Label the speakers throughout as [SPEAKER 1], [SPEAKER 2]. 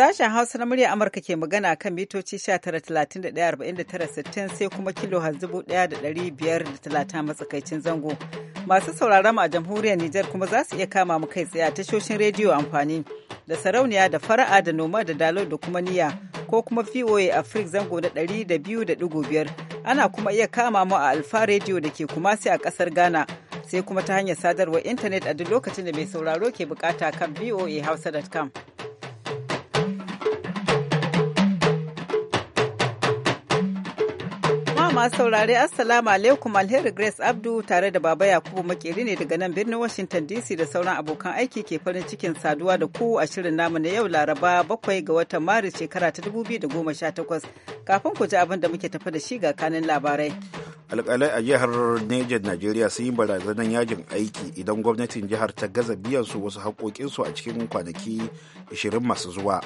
[SPEAKER 1] Sashen Hausa na murya Amurka ke magana kan mitoci 19,31,49,60 sai kuma kilo talatin matsakaicin zango. Masu sauraron a jamhuriyar Nijar kuma za su iya kama mu kai tsaye a tashoshin rediyo amfani da sarauniya da fara'a da noma da dalo da kuma niya ko kuma VOA Africa zango na biyar ana kuma iya kama mu a Alfa rediyo da ke kuma sai a kasar Ghana sai kuma ta hanyar sadarwar intanet a duk lokacin da mai sauraro ke bukata kan voahausa.com. jama'a masu saurare assalamu alaikum alheri grace abdu tare da baba yakubu makeri ne daga nan birnin washington dc da sauran abokan aiki ke farin cikin saduwa da ku a shirin namu na yau laraba bakwai ga watan maris shekara ta 2018 kafin ku ji abin da muke tafi da shi ga kanin labarai
[SPEAKER 2] alƙalai a jihar Niger Najeriya sun yi barazanar yajin aiki idan gwamnatin jihar ta gaza biyan su wasu haƙoƙinsu a cikin kwanaki 20 masu zuwa.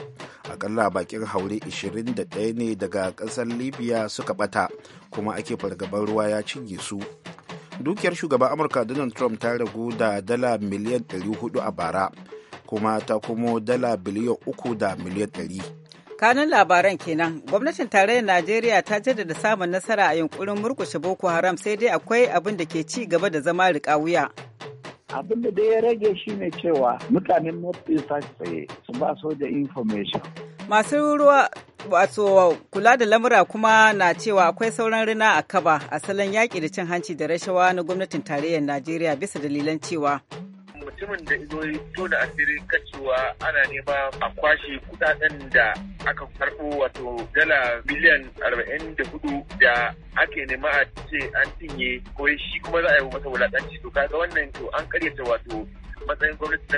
[SPEAKER 2] Akalla bakin haure 21 ne daga ƙasar Libya suka ɓata kuma ake fargabar ruwa ya cinye su. Dukiyar shugaban Amurka Donald Trump ta ragu da dala miliyan 400 a bara kuma ta kuma dala biliyan 3 da miliyan 100.
[SPEAKER 1] kanun labaran kenan gwamnatin tarayyar najeriya ta jaddada samun nasara a yunkurin murkushe boko haram sai dai akwai abin da ke ci gaba da zama riƙa wuya abin da dai ya rage shi ne cewa mutanen mafi tsaye su ba da information masu ruwa wato kula da lamura kuma na cewa akwai sauran rina a kaba asalin yaƙi da cin hanci da rashawa na gwamnatin tarayyar najeriya bisa dalilan cewa
[SPEAKER 3] mutumin da izo ya tona asiri kacewa ana nema a kwashe kudaden da aka karbo wato dala miliyan arba'in da hudu da ake nema a ce an tinye ko shi kuma za a yi masa wulaƙanci to kaga wannan to an karyata wato matsayin gwamnati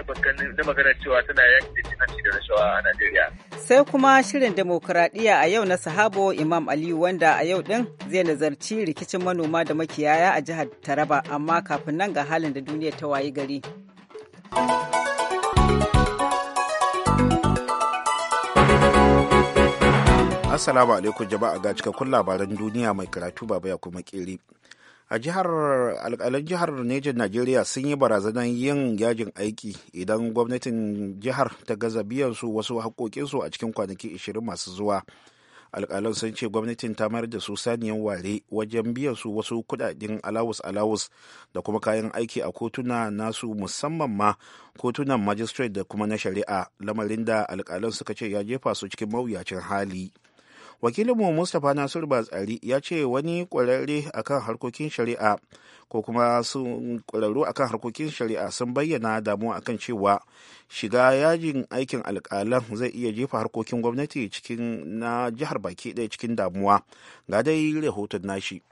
[SPEAKER 3] na magana cewa tana yaki da cin hanci da rashawa a Najeriya.
[SPEAKER 1] Sai kuma shirin demokuraɗiyya a yau na sahabo Imam Aliyu wanda a yau ɗin zai nazarci rikicin manoma da makiyaya a jihar Taraba amma kafin nan ga halin da duniya ta wayi gari.
[SPEAKER 2] Assalamu alaikum jama'a ga cikakkun labaran duniya mai karatu baba ya kuma kiri. A jihar alƙalan jihar Neja Najeriya sun yi barazanar yin yajin aiki idan gwamnatin jihar ta gaza biyan su wasu haƙoƙinsu a cikin kwanaki 20 masu zuwa. alkalan sun ce gwamnatin ta mayar da su saniyan ware wajen biyan su wasu kudaden alawus alawus da kuma kayan aiki a kotuna nasu musamman ma kotunan magistrate da kuma na shari'a lamarin da alkalan suka ce ya jefa su cikin mawuyacin hali wakilinmu mustapha nasiru batsari ya ce wani kwararre akan harkokin shari'a ko kuma sun kwararru akan harkokin shari'a sun bayyana damuwa akan cewa shiga yajin aikin alkalan zai iya jefa harkokin gwamnati cikin na jihar baki
[SPEAKER 4] ɗaya cikin damuwa ga dai rahoton nashi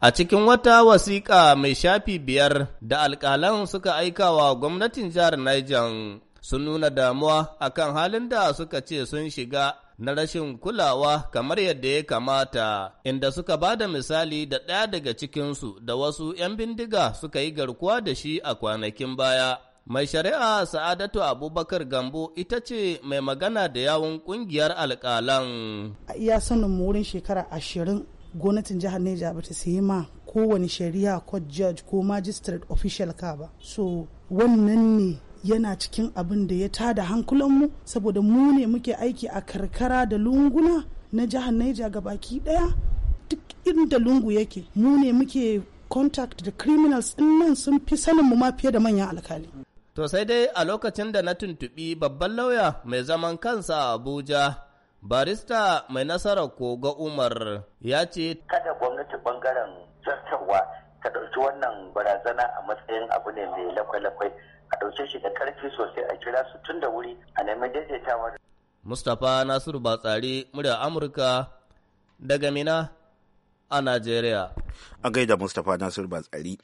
[SPEAKER 4] A cikin wata wasiƙa mai shafi biyar da alƙalan suka aika wa gwamnatin jihar Niger sun nuna damuwa akan halin da suka ce sun shiga na rashin kulawa kamar yadda ya kamata, inda suka ba da misali da ɗaya daga cikinsu da wasu ‘yan bindiga suka yi garkuwa da shi a kwanakin baya. Mai shari'a Sa'adatu Abubakar Gambo ita ce mai magana da yawun ƙungiyar alƙalan.
[SPEAKER 1] A iya sanin wurin shekara ashirin gwamnatin jihar Neja ba ta sayi ma kowane shari'a court judge ko magistrate official ka ba. So wannan ne yana cikin abin da ya tada hankulanmu saboda mu ne muke aiki a karkara da lunguna na jihar Niger baki daya duk inda lungu yake mu ne muke contact da criminals din nan sun fi sanin mu ma fiye da manyan alkali
[SPEAKER 4] to sai dai a lokacin da na tuntubi babban lauya mai zaman kansa a Abuja barista mai nasarar koga Umar ya ce
[SPEAKER 5] kada gwamnati bangaren zartarwa ta ɗauki wannan barazana a matsayin abu ne mai lakwai-lakwai a ɗauke shi da
[SPEAKER 4] ƙarfi sosai a kira su tun da wuri a nemi daidaitawa. Mustapha Nasiru Batsari, murya Amurka daga Mina a Najeriya.
[SPEAKER 2] A gaida Mustapha Nasiru Batsari.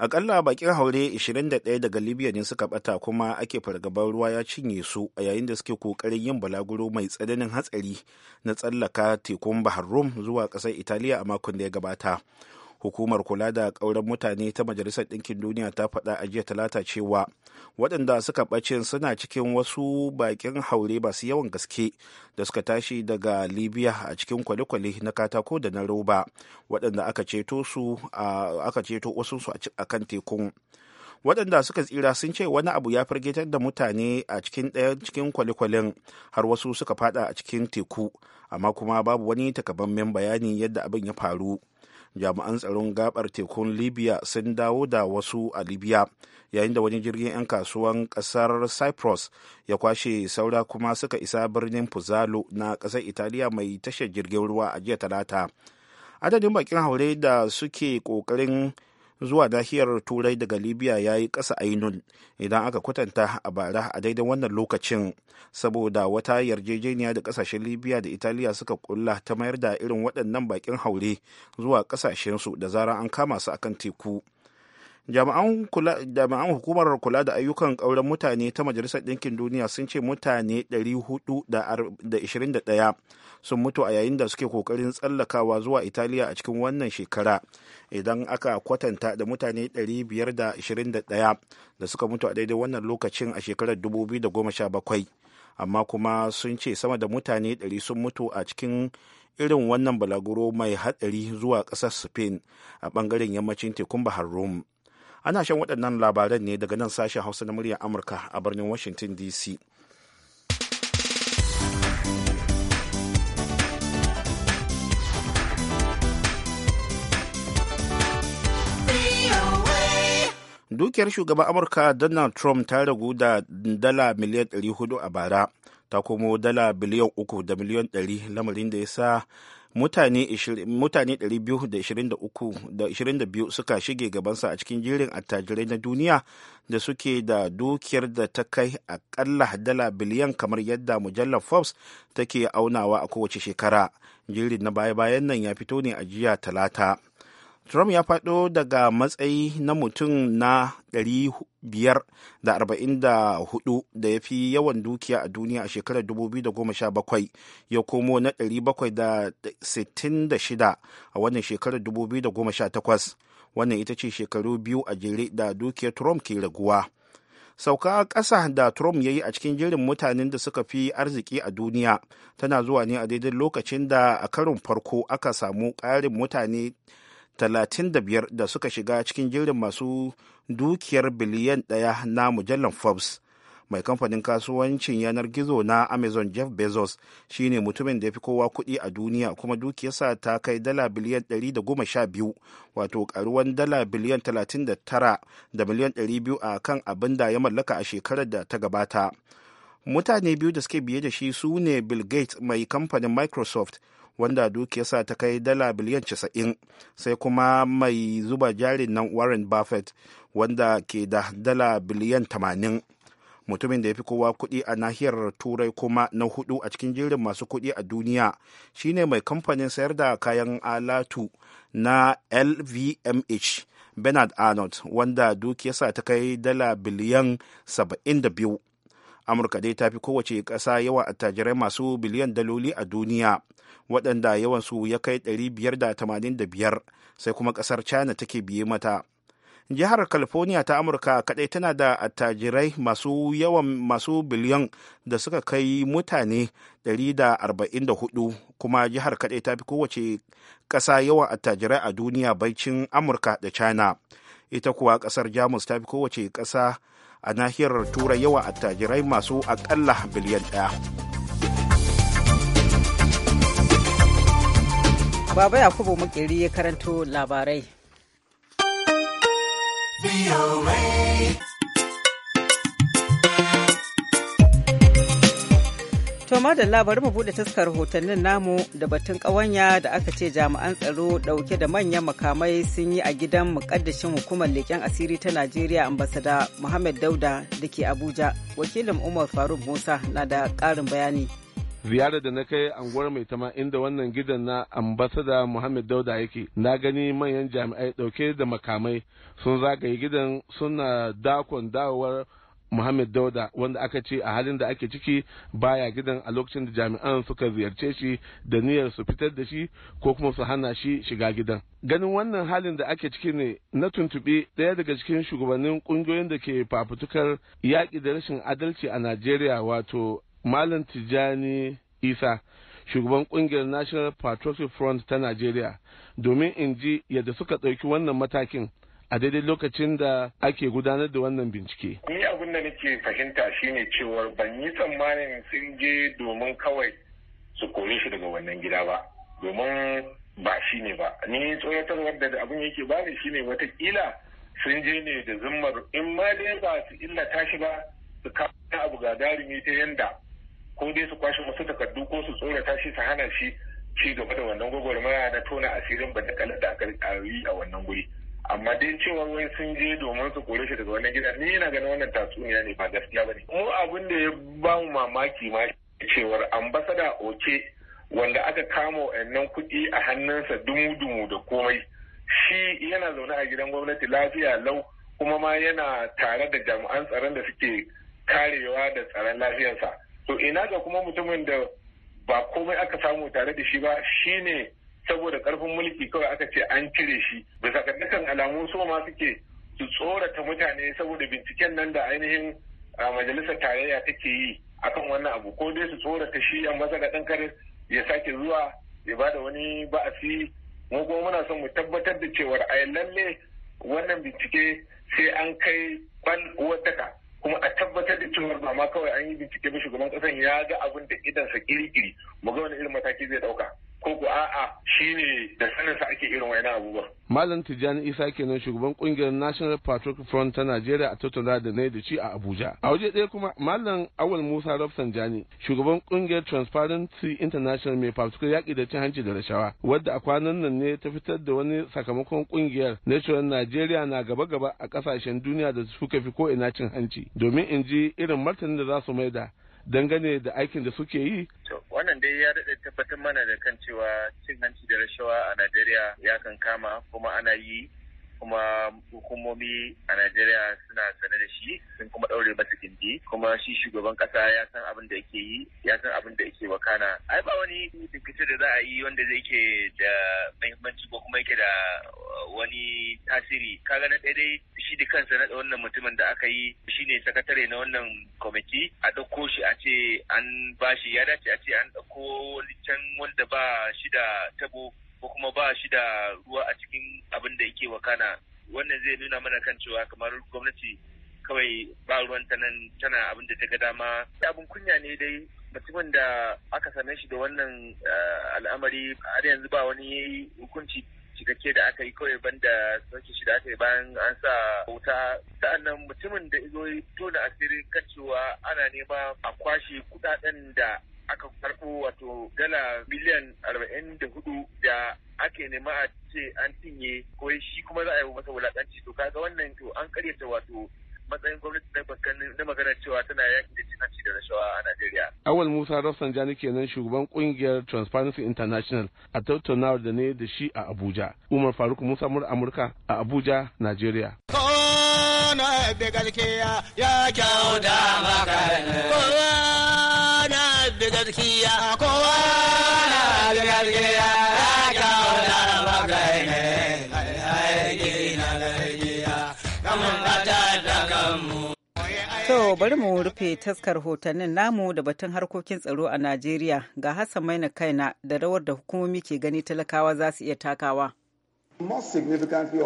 [SPEAKER 2] Akalla bakin haure 21 daga Libya ne suka bata kuma ake fargabar ruwa ya cinye su a yayin da suke kokarin yin balaguro mai tsananin hatsari na tsallaka tekun Bahar Rum zuwa ƙasar Italiya a makon da ya gabata. hukumar kula da ƙauren mutane ta majalisar ɗinkin duniya ta faɗa a jiya talata cewa waɗanda suka ɓace suna cikin wasu bakin haure masu yawan gaske da suka tashi daga libya a cikin kwale na katako da na roba waɗanda aka ceto su wasu su a kan tekun waɗanda suka tsira sun ce wani abu ya firgitar da mutane a cikin ɗaya cikin kwale har wasu suka fada a cikin teku amma kuma babu wani takamammen bayani yadda abin ya faru jami'an tsaron gabar tekun libya sun dawo da wasu a libya yayin da wani jirgin 'yan kasuwan kasar cyprus ya kwashe saura kuma suka isa birnin puzalo na kasar italiya mai tashar jirgin ruwa a jiya talata adadin bakin haure da suke kokarin zuwa nahiyar turai daga libya ya yi ƙasa ainun idan aka kwatanta a bara a daidai wannan lokacin saboda wata yarjejeniya da ƙasashen libya da italiya suka kulla ta mayar da irin waɗannan baƙin haure zuwa ƙasashensu da zarar an kama su akan teku jami'an hukumar kula da ayyukan ƙauren mutane ta majalisar ɗinkin duniya sun ce mutane 421 sun mutu a yayin da suke kokarin tsallakawa zuwa italiya a cikin wannan shekara idan aka kwatanta da mutane 521 da suka mutu a daidai wannan lokacin a shekarar 2017 amma kuma sun ce sama da mutane 100 sun mutu a cikin irin wannan balaguro mai hatsari zuwa ƙasar spain a ɓangaren yammacin tekun bahar rome ana shan waɗannan labaran ne daga nan sashen hausa na muryar amurka a birnin washington dc dukiyar shugaban amurka donald trump ta ragu da dala miliyan 400 a bara ta komo dala biliyan 3 da miliyan 100 lamarin da ya sa mutane 223 suka shige gabansa a cikin jirin attajirai na duniya da suke da dukiyar da ta kai akalla dala biliyan kamar yadda mujallar forbes take aunawa a kowace shekara jirin na baya-bayan nan ya fito ne a jiya talata Trump ya faɗo daga matsayi na mutum na 544 da ya fi yawan dukiya a duniya a shekarar 2017 ya komo na 766 a wannan shekarar 2018 wannan ita ce shekaru biyu a jere da dukiyar Trump ke raguwa. sauka ƙasa da Trump ya yi a cikin jirin mutanen da suka fi arziki a duniya tana zuwa ne a daidai lokacin da a karin farko aka samu ƙarin mutane 35 da suka shiga cikin jerin masu dukiyar biliyan ɗaya na mujallar forbes mai kamfanin kasuwancin yanar gizo na amazon jeff bezos shine mutumin da ya fi kowa kuɗi a duniya kuma dukiyarsa ta kai dala biliyan 112 wato karuwan dala biliyan 39 da miliyan 200 a kan abin da ya mallaka a shekarar da ta gabata mutane biyu da suke biye da shi su ne bill gates mai kamfanin microsoft wanda dukiyarsa ta kai dala biliyan 90 sai kuma mai zuba jarin nan warren buffett wanda ke da dala biliyan 80 mutumin da ya fi kowa kuɗi a nahiyar turai kuma na hudu a cikin jirin masu kuɗi a duniya shine mai kamfanin sayar da kayan alatu na lvmh bernard arnold wanda dukiyarsa ta kai dala biliyan 72 amurka dai ta fi kowace ƙasa yawan attajirai masu biliyan daloli a duniya waɗanda yawansu ya kai 585 sai kuma ƙasar china take biye mata jihar california ta amurka kadai tana da attajirai masu yawan masu biliyan da suka kai mutane 144 kuma jihar kadai ta fi kowace ƙasa yawan attajirai a duniya baicin amurka da china ita kuwa ƙasar jamus ta fi kowace ƙasa a nahiyar turai yawa attajirai masu aƙalla biliyan ɗaya.
[SPEAKER 1] Baba Yakubu Makeri ya karanto labarai. To da bari mu bude taskar hotonnin namu da batun ƙawanya da aka ce jami'an tsaro ɗauke da manyan makamai sun yi a gidan muƙaddashin hukumar leƙen asiri ta Najeriya ambasada Muhammad Dauda da ke Abuja. Wakilin Umar Faruk Musa na da karin bayani.
[SPEAKER 6] ziyarar da na kai anguwar mai tama inda wannan gidan na ambasada muhammad dauda yake na gani manyan jami'ai dauke da makamai sun zagaye gidan suna dakon dawowar Muhammad Dauda wanda aka ce a halin da ake ciki baya gidan a lokacin da jami'an suka ziyarce shi da niyyar su fitar da shi ko kuma su hana shi shiga gidan. Ganin wannan halin da ake ciki ne na tuntuɓe ɗaya daga cikin shugabannin ƙungiyoyin da ke fafutukar yaƙi da rashin adalci a Najeriya wato Malam Tijjani Isa. shugaban ƙungiyar national patriotic front ta najeriya domin in ji yadda suka ɗauki wannan matakin a daidai lokacin da ake gudanar da wannan bincike.
[SPEAKER 7] Ni abin da nake fahimta shine cewa ban yi tsammanin sun je domin kawai su kore shi daga wannan gida ba domin ba shi ne ba ni wadda da abin yake bani shine watakila sun je ne da zimmar in ma dai ba su illa tashi ba su kawo abu ga darimi ta yanda ko dai su kwashe wasu takardu ko su tsorata shi su hana shi ci gaba da wannan gwagwarmaya na tona asirin ba da kalar da a wannan guri amma dai cewa wai sun je domin su kore shi daga wannan gida ni yana ganin wannan tatsuniya ne ba gaskiya ba ne mu abin da ya ba mu mamaki ma cewar ambasada oke wanda aka kama wa'annan kuɗi a hannunsa dumu-dumu da komai shi yana zaune a gidan gwamnati lafiya lau kuma ma yana tare da jami'an tsaron da suke karewa da tsaron lafiyarsa to ina ga kuma mutumin da ba komai aka samu tare da shi ba shine saboda karfin mulki kawai aka ce an cire shi da ga alamu so ma suke su tsorata mutane saboda binciken nan da ainihin majalisar tarayya take yi akan wannan abu ko dai su tsorata shi an masa da kankar ya sake zuwa ya bada wani ba'asi mu kuma muna son mu tabbatar da cewar a lalle wannan bincike sai an kai kwan uwartaka kuma a tabbatar da cewar ba ma kawai an yi bincike ba shugaban kasan ya ga abin da sa kiri-kiri mu ga wani irin mataki zai dauka. ko ko a'a ne da sanarsa ake irin wani abubuwa
[SPEAKER 6] Malam Tijjani Isa kenan shugaban kungiyar National Patriotic Front ta Najeriya a tattauna da yi da ci a Abuja. A
[SPEAKER 7] waje ɗaya kuma
[SPEAKER 6] Malam Awal Musa rafsan jani shugaban kungiyar Transparency International mai fafutukar yaƙi da cin hanci da rashawa wadda a kwanan nan ne ta fitar da wani sakamakon kungiyar na Najeriya na gaba-gaba a ƙasashen duniya da suka fi ko ina cin hanci domin in ji irin martanin da za su maida dangane da aikin da suke yi?
[SPEAKER 3] Wannan dai ya daɗe tabbatar mana da kan cewa cin hanci da rashawa a Najeriya ya kan kama kuma ana yi kuma hukumomi a Najeriya suna sane da shi sun kuma ɗaure masa gindi kuma shi shugaban ƙasa ya san abin da yake yi ya san abin da yake wakana ai ba wani dinkice da za a yi wanda zai ke da mahimmanci ko kuma yake da uh, wani tasiri kaga na daidai shi da kansa na wannan mutumin da aka yi shine sakatare na wannan kwamiti a ɗauko shi a ce an bashi ya dace a ce an ɗauko wani can wanda ba shi da tabo ko kuma ba shi da ruwa a cikin abin da yake wakana wannan zai nuna mana kan cewa kamar gwamnati kawai ba ruwan ta nan tana abin da ta ga dama abin kunya ne dai mutumin da aka same shi da wannan eh, al'amari har yanzu ba wani hukunci cikakke da aka yi kawai banda sauke shi da aka yi bayan an sa wuta sa'annan mutumin da izo tona asirin kan cewa ana nema a kwashe kudaden da aka karɓo wato dala miliyan arba'in da hudu da ake nema a ce an cinye ko shi kuma za a yi masa wulaƙanci to kaga wannan to an karyata wato matsayin gwamnati na bakan na magana cewa tana yaki da cin hanci da rashawa a Najeriya.
[SPEAKER 6] Awal Musa Rafsanjani kenan shugaban ƙungiyar Transparency International a tattaunawar da ne da shi a Abuja. Umar Faruk Musa mur Amurka a Abuja, Najeriya.
[SPEAKER 4] Kowa na bi ya kyauta
[SPEAKER 3] maka. bi gaskiya kowa na da gaskiya ya kawo da bakai ne aiki
[SPEAKER 1] na gaskiya kamar ta da kanmu To bari mu rufe taskar hotannin namu da batun harkokin tsaro a Najeriya ga Hassan Maina Kaina da rawar da hukumomi ke gani talakawa za su iya takawa.
[SPEAKER 8] must significantly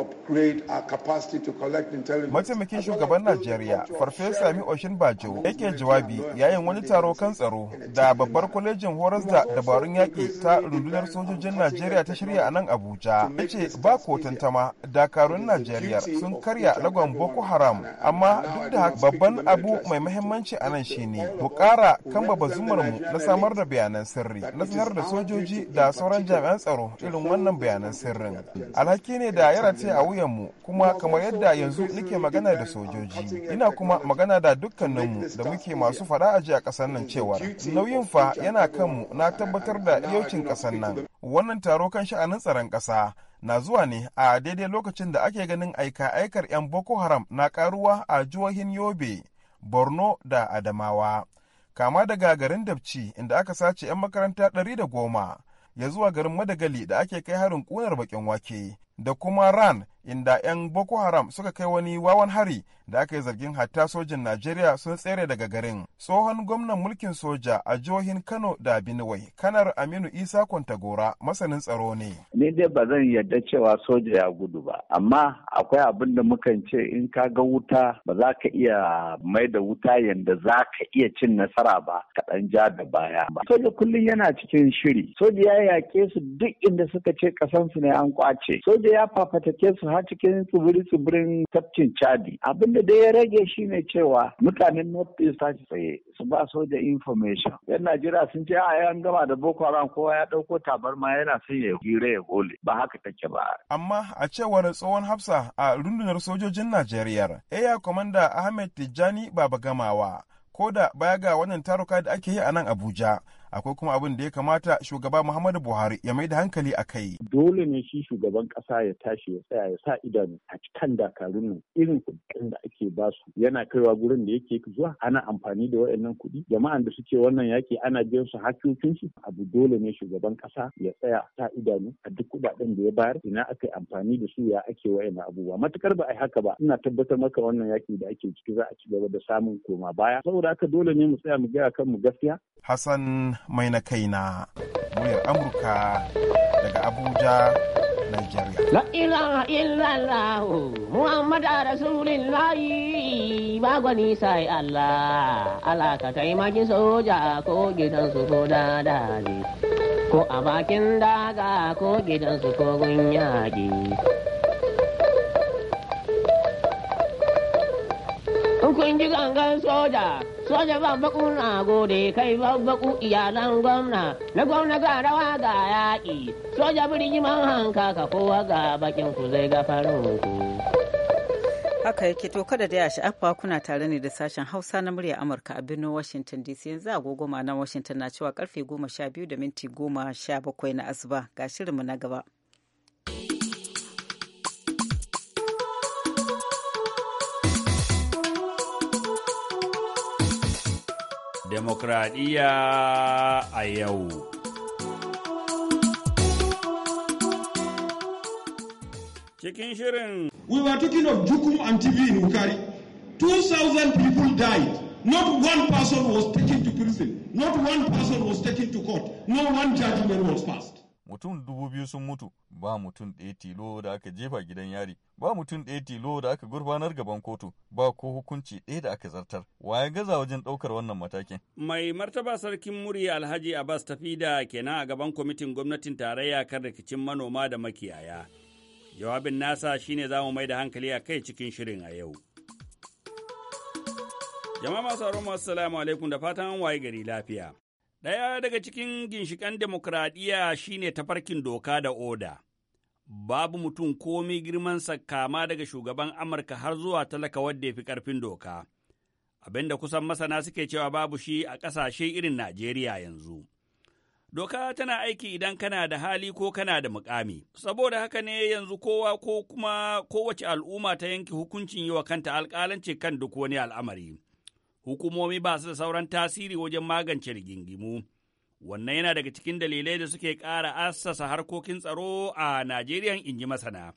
[SPEAKER 8] capacity to collect intelligence. Mataimakin shugaban Najeriya, Farfesa Mi Oshin Bajo, yake jawabi yayin wani taro kan tsaro da babbar kwalejin horas da dabarun yaƙi ta rundunar sojojin Najeriya ta shirya a nan Abuja. Yace ba ko tantama dakarun Najeriya sun karya lagon Boko Haram, amma duk da babban abu mai mahimmanci a nan shine mu ƙara kan zumar mu na samar da bayanan sirri, na sanar da sojoji da sauran jami'an tsaro irin wannan bayanan sirrin. alhaki ne da ya ce a wuyan mu kuma kamar yadda yanzu nake magana da sojoji ina kuma magana da dukkaninmu da muke masu fada aji a ƙasar nan cewa nauyin fa yana kanmu na tabbatar da yaucin ƙasar nan wannan taro kan sha'anin tsaron ƙasa na zuwa ne a daidai lokacin da ake ganin aika-aikar 'yan boko haram na karuwa a jihohin yobe borno da adamawa kama daga garin dabci inda aka sace 'yan makaranta ɗari da goma ya zuwa garin Madagali da ake kai harin kunar bakin wake da kuma Ran inda 'yan boko haram suka kai wani wawan hari da aka yi zargin hatta sojin najeriya sun tsere daga garin tsohon gwamnan mulkin soja a jihohin kano da benue kanar aminu isa kwantagora masanin tsaro ne
[SPEAKER 5] ni dai ba zan yarda cewa soja ya gudu ba amma akwai abin da mukan ce in ka ga wuta ba za ka iya mai da wuta yadda za ka iya cin nasara ba kaɗan ja da baya ba soja kullum yana cikin shiri soja ya yaƙe su duk inda suka ce ƙasansu ne an kwace soja ya fafatake su har cikin tsibiri-tsibirin tafkin Chadi. Abin da dai ya rage shi ne cewa mutanen North East tashi tsaye su ba da information. Yan Najeriya sun ce a an gama da Boko Haram kowa ya ɗauko tabarma yana son ya hira ya gole ba haka take ba.
[SPEAKER 8] Amma a cewar tsohon Hafsa a rundunar sojojin Najeriya, Eya komanda Ahmed Tijjani Baba Gamawa. Ko da baya ga wannan taruka da ake yi a nan Abuja, akwai kuma abin da ya kamata shugaba Muhammadu Buhari ya mai da hankali a kai.
[SPEAKER 5] Dole ne shi shugaban ƙasa ya tashi ya tsaya ya sa idanu a kan dakarun nan irin kuɗin da ake ba su yana kaiwa gurin da yake zuwa ana amfani da wa'annan kuɗi jama'an da suke wannan yaki ana biyan su hakkokin su abu dole ne shugaban ƙasa ya tsaya sa idanu a duk kuɗaɗen da ya bayar ina aka yi amfani da su ya ake wa'annan abubuwa matukar ba a yi haka ba ina tabbatar maka wannan yaki da ake ciki za a ci gaba da samun koma baya saboda haka dole ne mu tsaya mu gaya mu gaskiya.
[SPEAKER 8] Hassan mai na kaina muryar amurka daga abuja nigeria
[SPEAKER 1] la ilaha illallah muhammad rasulillah ba gwani sai allah allah ka taimaki soja ko gidan su ko dadali ko a bakin daga ko gidan su ko gun yaki. kun ji gangan soja soja ban baku na gode kai ban baku iyalan gwamna na gwamna ga rawa ga yaƙi soja birni man hanka ka kowa ga bakin ku zai ga farin ku haka yake to kada da ya sha'afa kuna tare ne da sashen hausa na murya amurka a birnin washington dc yanzu agogo na washington na cewa karfe goma sha biyu da minti goma sha bakwai na asuba ga shirinmu na gaba
[SPEAKER 9] Demokradiyya a yau. Cikin shirin. We were talking
[SPEAKER 10] of Jukum and TV in Ukari. 2,000 people died. Not one person was taken to prison. Not one person was taken to court. No one judgment was passed.
[SPEAKER 11] Mutum dubu biyu sun mutu ba mutum ɗaya tilo da aka jefa gidan yari ba mutum ɗaya tilo da aka gurfanar gaban kotu ba ko hukunci ɗaya da aka zartar waye gaza wajen ɗaukar wannan matakin
[SPEAKER 9] mai martaba sarkin murya alhaji abbas tafida kenan a gaban kwamitin gwamnatin tarayya kan rikicin manoma da makiyaya jawabin nasa shine za mu mai da hankali a kai cikin shirin a yau jama'a masu masu salamu alaikum da fatan an waye gari lafiya Ɗaya daga cikin ginshikan demokradiyya shine tafarkin doka da oda. babu mutum komai girmansa kama daga shugaban Amurka har zuwa talaka wadda ya fi ƙarfin doka. Abin da kusan masana suke cewa babu shi a ƙasashe irin Najeriya yanzu. Doka tana aiki idan kana da hali ko kana da mukami, saboda haka ne yanzu kowa ko kuma kowace al'umma ta yanke hukuncin yi wa kanta alƙalanci kan duk wani al'amari. Hukumomi ba su da sauran tasiri wajen magance rigingimu. Wannan yana daga cikin dalilai da suke ƙara assasa harkokin tsaro a Najeriya in ji masana.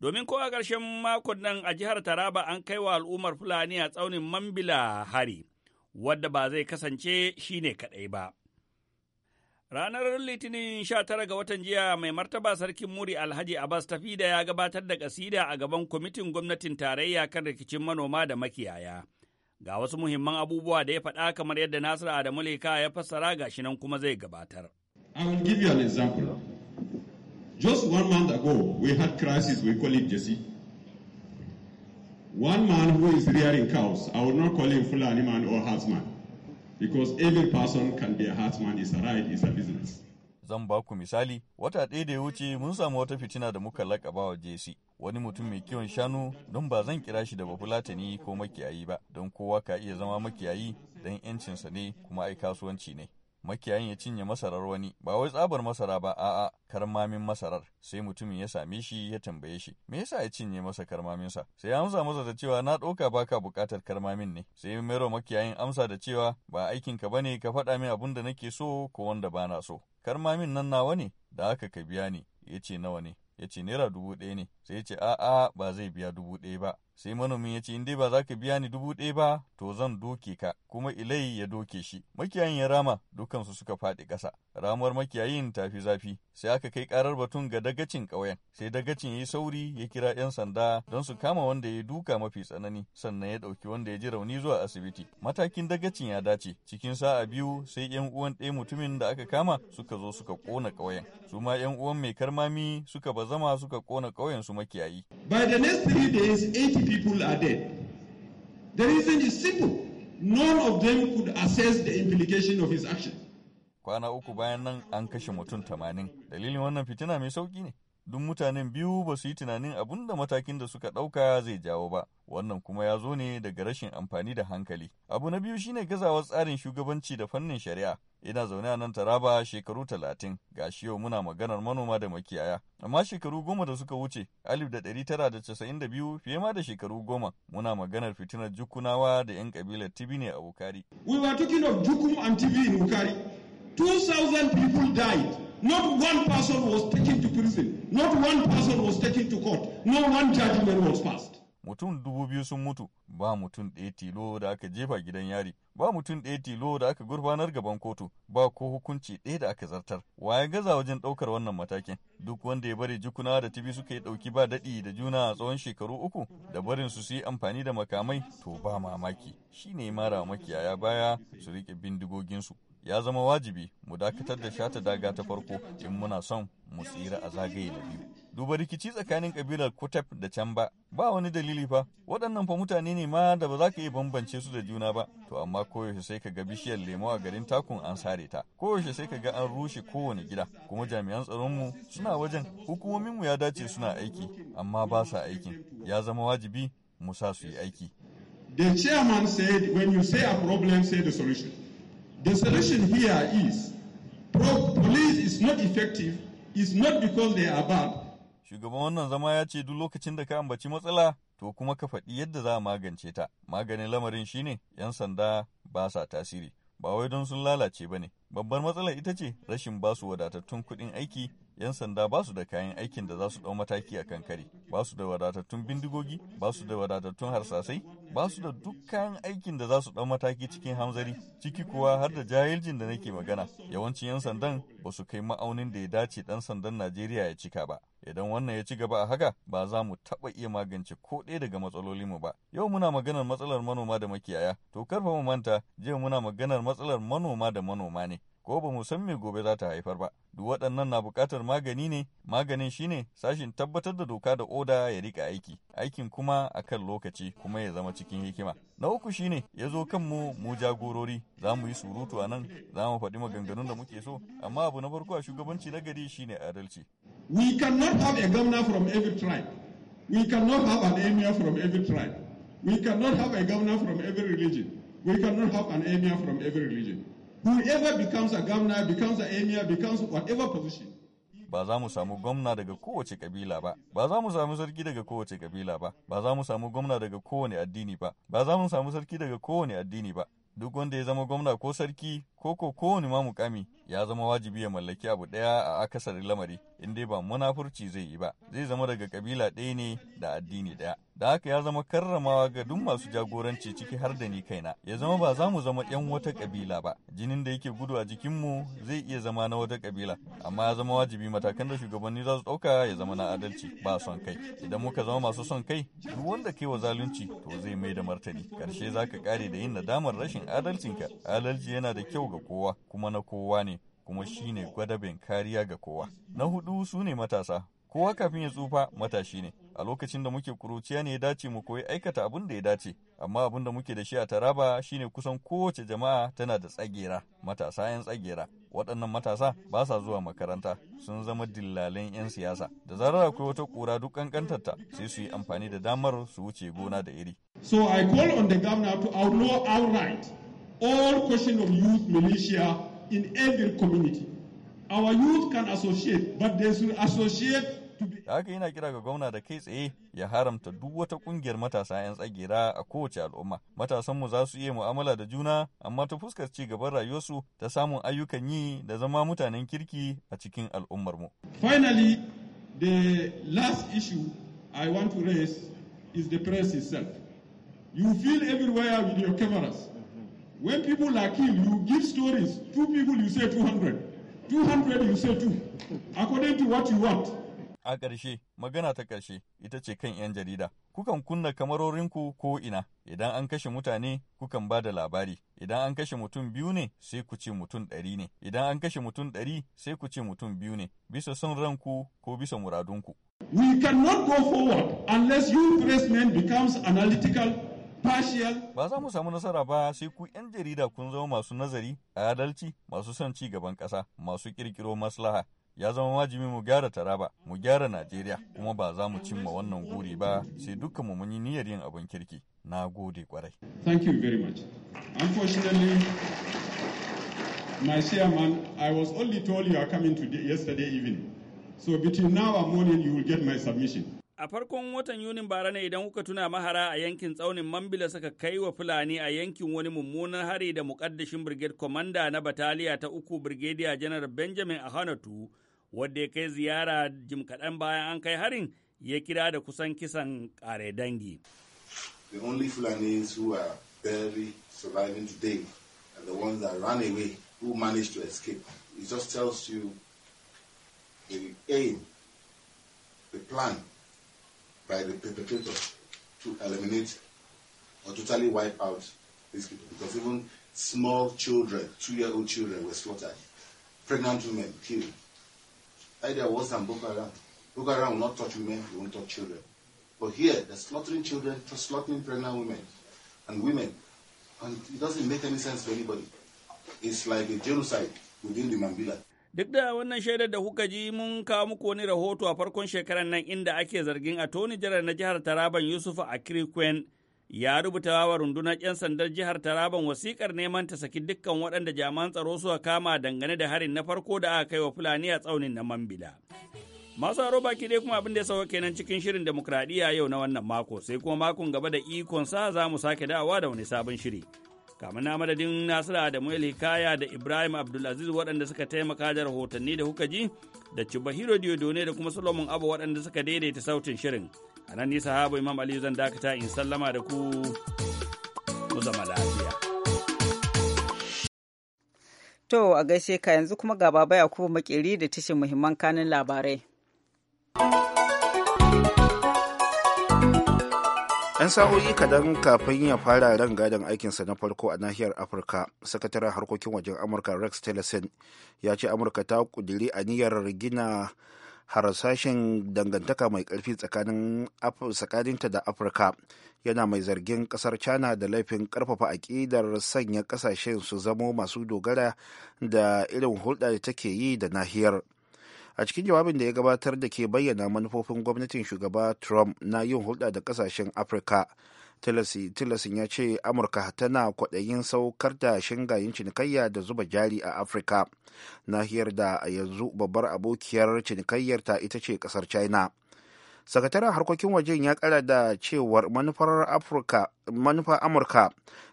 [SPEAKER 9] Domin ko a ƙarshen makon nan a jihar Taraba an kai wa al'ummar Fulani a tsaunin Mambila hari, wadda ba zai kasance shi ne kaɗai ba. Ranar Litinin 19 ga watan jiya mai martaba sarkin muri Alhaji Abbas Tafida ya gabatar da ƙasida a gaban kwamitin gwamnatin tarayya kan rikicin manoma da makiyaya. Ga wasu muhimman abubuwa da ya faɗa kamar yadda Nasiru Adamu Leka ya fassara ga shi nan kuma zai gabatar.
[SPEAKER 10] I will give you an example. Just one month ago, we had crisis, we call it Jesse. One man who is rearing cows, I will not call him Fulani man or herdsman,
[SPEAKER 11] because every person can be a herdsman, is a right, it's a business. Zan ba ku misali, wata ɗaya da ya wuce mun samu wata fitina da muka laƙaba wa Jesse. wani mutum mai kiwon shanu don ba zan kira shi da bafulatani ko makiyayi ba don kowa ka iya zama makiyayi don yancinsa ne kuma ai kasuwanci ne makiyayin ya cinye masarar wani ba wai tsabar masara ba a'a karmamin masarar sai mutumin ya same shi ya tambaye shi me yasa ya cinye masa karmaminsa sai ya amsa masa da cewa na ɗauka baka bukatar karmamin ne sai mero makiyayin amsa da cewa ba aikinka bane ka faɗa min abin da nake so ko wanda bana so karmamin nan nawa ne da haka ka biya ni ya ce nawa ne ya ce naira dubu ɗaya ne sai ce a'a ba zai biya dubu ɗaya ba sai manomin ya ce in dai ba za ka biya ni dubu ɗaya ba to zan doke ka kuma ilai ya doke shi makiyayin ya rama dukansu suka faɗi ƙasa ramuwar makiyayin tafi zafi sai aka kai ƙarar batun ga dagacin ƙauyen sai dagacin ya yi sauri ya kira 'yan sanda don su kama wanda ya duka mafi tsanani sannan ya ɗauki wanda ya ji rauni zuwa asibiti matakin dagacin ya dace cikin sa'a biyu sai 'yan uwan ɗaya mutumin da aka kama suka zo suka ƙona ƙauyen su ma 'yan uwan mai karmami suka bazama suka ƙona ƙauyen su su makiyayi. By the
[SPEAKER 10] next three days, 80 people are dead. The reason is simple. None of them could assess the implication of his action.
[SPEAKER 11] Kwana uku bayan nan an kashe mutum tamanin. Dalilin wannan fitina mai sauki ne. Duk mutanen biyu ba su yi tunanin abin da matakin da suka ɗauka zai jawo ba. Wannan kuma ya zo ne daga rashin amfani da hankali. Abu na biyu shine gazawar tsarin shugabanci da fannin shari'a. ina zaune a nan taraba shekaru talatin ga shi yau muna maganar manoma da makiyaya amma shekaru goma da suka wuce alif da ɗari tara da casa'in da biyu fiye ma da shekaru goma muna maganar fitinar jukunawa da yan kabilar ne a bukari. we
[SPEAKER 10] were talking of jukun and tibini in wukari two thousand people died not one person was taken to prison not one person was taken to court no one judgment was passed.
[SPEAKER 11] mutum dubu biyu sun mutu ba mutum ɗaya tilo da aka jefa gidan yari ba mutum ɗaya tilo da aka gurfanar gaban kotu ba ko hukunci ɗaya da aka zartar waye gaza wajen ɗaukar wannan matakin duk wanda ya bari jukuna da tibi suka yi ɗauki ba daɗi da juna a tsawon shekaru uku da barin su su yi amfani da makamai to ba mamaki shine mara makiyaya baya su riƙe bindigoginsu ya zama wajibi mu dakatar da shata daga ta farko in muna son mu tsira a zagaye na biyu. Duba rikici tsakanin kabilar Kutep da can ba ba wani dalili fa waɗannan fa mutane ne ma da ba za ka iya bambance su da juna ba to amma koyaushe sai ka ga bishiyar lemo a garin takun an sare ta koyaushe sai ka ga an rushe kowane gida kuma jami'an tsaronmu suna wajen hukumominmu ya dace suna aiki amma ba sa aikin ya zama wajibi mu sa su yi aiki.
[SPEAKER 10] The chairman said when you say a problem say the
[SPEAKER 11] solution. The solution here is police is not effective it's not because they are bad. Shugaban wannan zama ya ce duk lokacin da ka ambaci matsala to kuma ka faɗi yadda za a magance ta. Maganin lamarin shine 'yan sanda ba sa tasiri. Ba wai don sun lalace ba ne. Babbar matsala ita ce rashin basu wadatattun kuɗin aiki 'yan sanda ba su da kayan aikin da za su ɗau mataki a kankare ba su da wadatattun bindigogi ba su da wadatattun harsasai ba su da duk kayan aikin da za su ɗau mataki cikin hamzari ciki kuwa har da jahilcin da nake magana yawancin 'yan sandan ba su kai ma'aunin da ya dace dan sandan najeriya ya cika ba idan wannan ya ci gaba a haka ba za mu taɓa iya magance ko ɗaya daga mu ba yau muna maganar matsalar manoma da makiyaya to karfa mu manta jiya muna maganar matsalar manoma da manoma ne ko ba mu san me gobe za ta haifar ba duk waɗannan na buƙatar magani ne maganin shine sashin tabbatar da doka da oda ya rika aiki aikin kuma a kan lokaci kuma ya zama cikin hikima na uku shine ya zo kanmu mu mu jagorori za mu yi surutu a nan za mu faɗi maganganun da muke so amma abu na farko a shugabanci na gari shine adalci
[SPEAKER 10] we cannot have a governor from every tribe we cannot have an emir from every tribe we cannot have a governor from every religion we cannot have an emir
[SPEAKER 11] from every religion
[SPEAKER 10] Whoever becomes a governor, becomes an emir, becomes whatever position.
[SPEAKER 11] ba za mu samu gwamna daga kowace kabila ba ba za mu samu sarki daga kowace kabila ba ba za mu samu gwamna daga kowane addini ba ba za mu samu sarki daga kowane addini ba duk wanda ya zama gwamna ko sarki koko kowane ma mukami ya zama wajibi ya mallaki abu ɗaya a akasarin lamari in dai ba munafurci zai yi ba zai zama daga kabila ɗaya ne da addini ɗaya da haka ya zama karramawa ga duk masu jagoranci ciki har da ni kaina ya zama ba za mu zama yan wata kabila ba jinin da yake gudu a jikinmu zai iya zama na wata kabila amma ya zama wajibi matakan da shugabanni za su ɗauka ya zama na adalci ba son kai idan muka zama masu son kai duk wanda kai wa zalunci to zai mai da martani karshe za ka kare da yin nadamar rashin adalcinka adalci yana da kyau ga kowa kuma na kowa ne kuma shi ne gwadabin kariya ga kowa. Na hudu su ne matasa, kowa kafin ya tsufa matashi ne, a lokacin da muke kuruciya ne ya dace mu koyi aikata abin da ya dace, amma abin da muke da shi a taraba shine kusan kowace jama'a tana da tsagera, matasa 'yan tsagera. Waɗannan matasa ba sa zuwa makaranta, sun zama dillalin 'yan siyasa. Da zarar akwai wata kura duk ƙanƙantarta sai su yi amfani da damar su wuce gona da iri.
[SPEAKER 10] So I call on the governor to outlaw outright all question of youth militia in every community. Our youth can associate, but they should
[SPEAKER 11] associate to be. Da haka yana kira ga gwamna da kai tsaye ya haramta duk wata kungiyar matasa 'yan tsagera a kowace al'umma. Matasanmu za su iya mu'amala da juna, amma ta fuskar ci gaban rayuwarsu ta samun ayyukan yi da zama mutanen kirki a cikin al'ummarmu.
[SPEAKER 10] Finally, the last issue I want to raise is the press itself. You feel everywhere with your cameras. When people like him, you give stories. Two people, you say 200. 200, you say two. According to what you want.
[SPEAKER 11] A ƙarshe, magana ta ƙarshe ita ce kan 'yan jarida. Kukan kunna kamarorinku ko ina, idan an kashe mutane kukan ba da labari, idan an kashe mutum biyu ne sai ku ce mutum ɗari ne, idan an kashe mutum ɗari sai ku ce mutum biyu ne, bisa son ranku ko bisa muradunku. We cannot go forward unless you press becomes analytical Ba za mu samu nasara ba sai ku 'yan jarida kun zama masu nazari, adalci, masu son ci gaban ƙasa, masu ƙirƙiro maslaha. Ya zama wajibi mu gyara Taraba, mu gyara Najeriya, kuma ba za mu cimma wannan guri ba sai dukkan mu yi niyyar yin abin kirki. Na gode kwarai. Thank you very much. Unfortunately,
[SPEAKER 10] my chairman, I was only told you are coming today, yesterday evening. So between now and morning, you will get my submission.
[SPEAKER 9] A farkon watan Yunin bara ne idan kuka tuna mahara a yankin tsaunin Mambila suka kai wa Fulani a yankin wani mummunan hari da mukaddashin Brigade Commander na Bataliya ta uku Brigadier General Benjamin Ahanatu wadda ya kai ziyara jim kaɗan bayan an kai harin ya kira da kusan kisan ƙare dangi.
[SPEAKER 8] The only Fulanis who are barely surviving today are the ones that ran away who managed to escape. It just tells you the aim, the plan by the perpetrator to eliminate or totally wipe out these people because even small children, two-year-old children were slaughtered, pregnant women killed. Idea was than Boko Haram. Boko Haram will not touch women, he won't touch children. But here, they're slaughtering children, slaughtering pregnant women and women. And it doesn't make any sense to anybody. It's like a genocide within the Mambila.
[SPEAKER 9] Duk da wannan shaidar da kuka ji mun kawo muku wani rahoto a farkon shekarar nan inda ake zargin a toni jiran na jihar Taraban Yusuf Akrikwen ya rubuta wa rundunar 'yan sandar jihar Taraban wasikar neman ta saki dukkan waɗanda jami'an tsaro suka kama dangane da harin na farko da aka kai wa Fulani a tsaunin na Mambila. Masu aro baki dai kuma abin da ya sauka kenan cikin shirin demokradiyya yau na wannan mako sai kuma makon gaba da ikon sa za mu sake dawa da wani sabon shiri. kamar na madadin nasira da muel hikaya da ibrahim abdulaziz waɗanda suka taimaka da rahotanni da kuka ji da cibahiro diodone da kuma solomon abu waɗanda suka daidaita sautin shirin a nan nisa habu imam aliyu zan
[SPEAKER 1] dakata in sallama da ku mu zama lafiya to a gaishe ka yanzu kuma ga baba yakubu makeri da tashin muhimman kanin labarai
[SPEAKER 2] 'yan sa'o'i kadan kafin ya fara ran gadon aikinsa na farko a nahiyar afirka sakataren harkokin wajen amurka rex tillerson ya ce amurka ta kudiri aniyar gina harsashen dangantaka mai karfi tsakaninta da afirka yana mai zargin kasar china da laifin karfafa aƙidar sanya kasashen su zamo masu dogara da irin hulɗa da take yi da nahiyar. a cikin jawabin da ya gabatar da ke bayyana manufofin gwamnatin shugaba trump na yin hulɗa da ƙasashen afirka tilasin ya ce amurka tana kwaɗayin saukar da shingayen cinikayya da zuba jari a afirka nahiyar da a yanzu babbar abokiyar cinikayyar ta ita ce ƙasar china sakataren harkokin wajen ya kara da cewar manufar amurka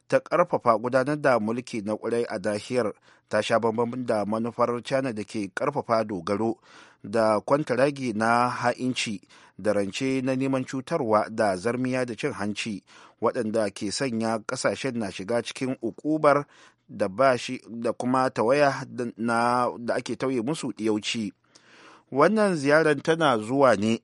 [SPEAKER 2] ta karfafa gudanar da mulki na kurai a dahiyar ta sha bambam da manufar china da ke karfafa dogaro da kwantaragi na ha'inci da rance na neman cutarwa da zarmiya da cin hanci waɗanda ke sanya ƙasashen na shiga cikin ukubar da bashi da kuma tawaya da ake tauye musu ɗiyauci wannan ziyarar tana zuwa ne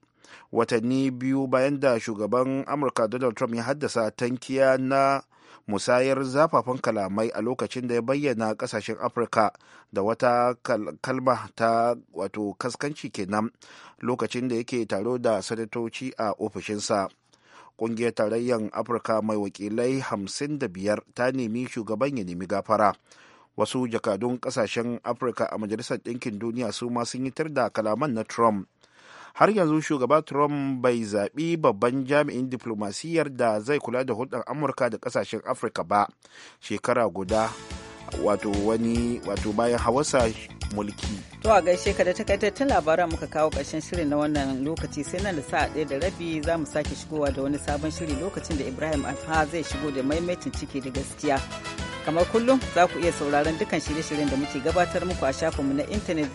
[SPEAKER 2] watanni biyu bayan da shugaban amurka donald trump ya haddasa tankiya na musayar zafafan kalamai a lokacin da ya bayyana kasashen afirka da wata kalma ta wato kaskanci kenan lokacin da yake taro da sanatoci a ofishinsa ƙungiyar tarayyar afirka mai wakilai 55 ta nemi shugaban ya nemi gafara wasu jakadun kasashen afirka a majalisar ɗinkin duniya su ma sun yitar da kalaman na trump har yanzu shugaba trump bai zaɓi babban jami'in diplomasiyyar da zai kula da hulɗar amurka da kasashen afirka ba shekara guda wato wani wato bayan hawasa mulki
[SPEAKER 1] to a gaishe ka da takaitattun labaran muka kawo ƙarshen shirin na wannan lokaci sai nan da sa'a ɗaya da rabi za mu sake shigowa da wani sabon shiri lokacin da ibrahim alfa zai shigo da maimaitin ciki da gaskiya kamar kullum za ku iya sauraron dukkan shirye-shiryen da muke gabatar muku a shafinmu na intanet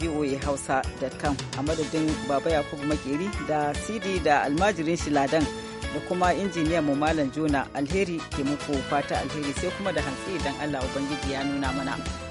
[SPEAKER 1] hausa.com a madadin baba yakubu makeri da cd da almajirin shiladan da kuma injiniyan mu malam jona alheri ke muku fata alheri sai kuma da hantsi idan allah ubangiji ya nuna mana.